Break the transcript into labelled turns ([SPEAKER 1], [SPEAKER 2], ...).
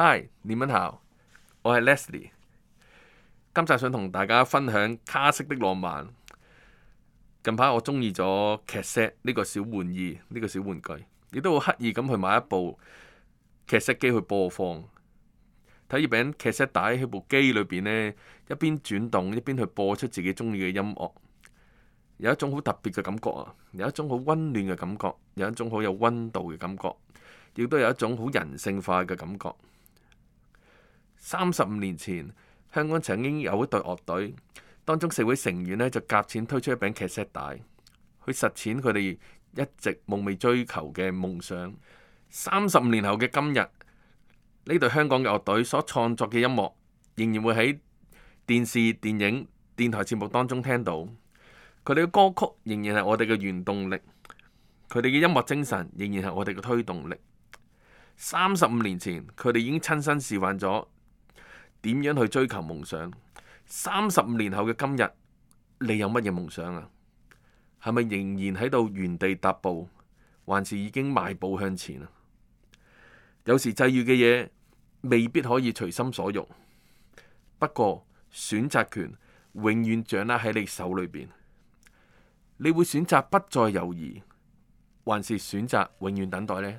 [SPEAKER 1] Hi，你哋好，我係 Leslie。今集想同大家分享卡式的浪漫。近排我中意咗 cassette 呢個小玩意，呢個小玩具，亦都好刻意咁去買一部 cassette 機去播放，睇住柄 cassette 帶喺部機裏邊呢一邊轉動一邊去播出自己中意嘅音樂，有一種好特別嘅感覺啊！有一種好溫暖嘅感覺，有一種好有溫度嘅感覺，亦都有一種好人性化嘅感覺。三十五年前，香港曾經有一隊樂隊，當中四位成員呢，就夾錢推出一柄 cassette 帶去實踐佢哋一直夢寐追求嘅夢想。三十五年後嘅今日，呢隊香港嘅樂隊所創作嘅音樂仍然會喺電視、電影、電台節目當中聽到。佢哋嘅歌曲仍然係我哋嘅原動力，佢哋嘅音樂精神仍然係我哋嘅推動力。三十五年前，佢哋已經親身示範咗。點樣去追求夢想？三十年後嘅今日，你有乜嘢夢想啊？係咪仍然喺度原地踏步，還是已經邁步向前啊？有時際遇嘅嘢未必可以隨心所欲，不過選擇權永遠掌握喺你手裏邊。你會選擇不再猶豫，還是選擇永遠等待呢？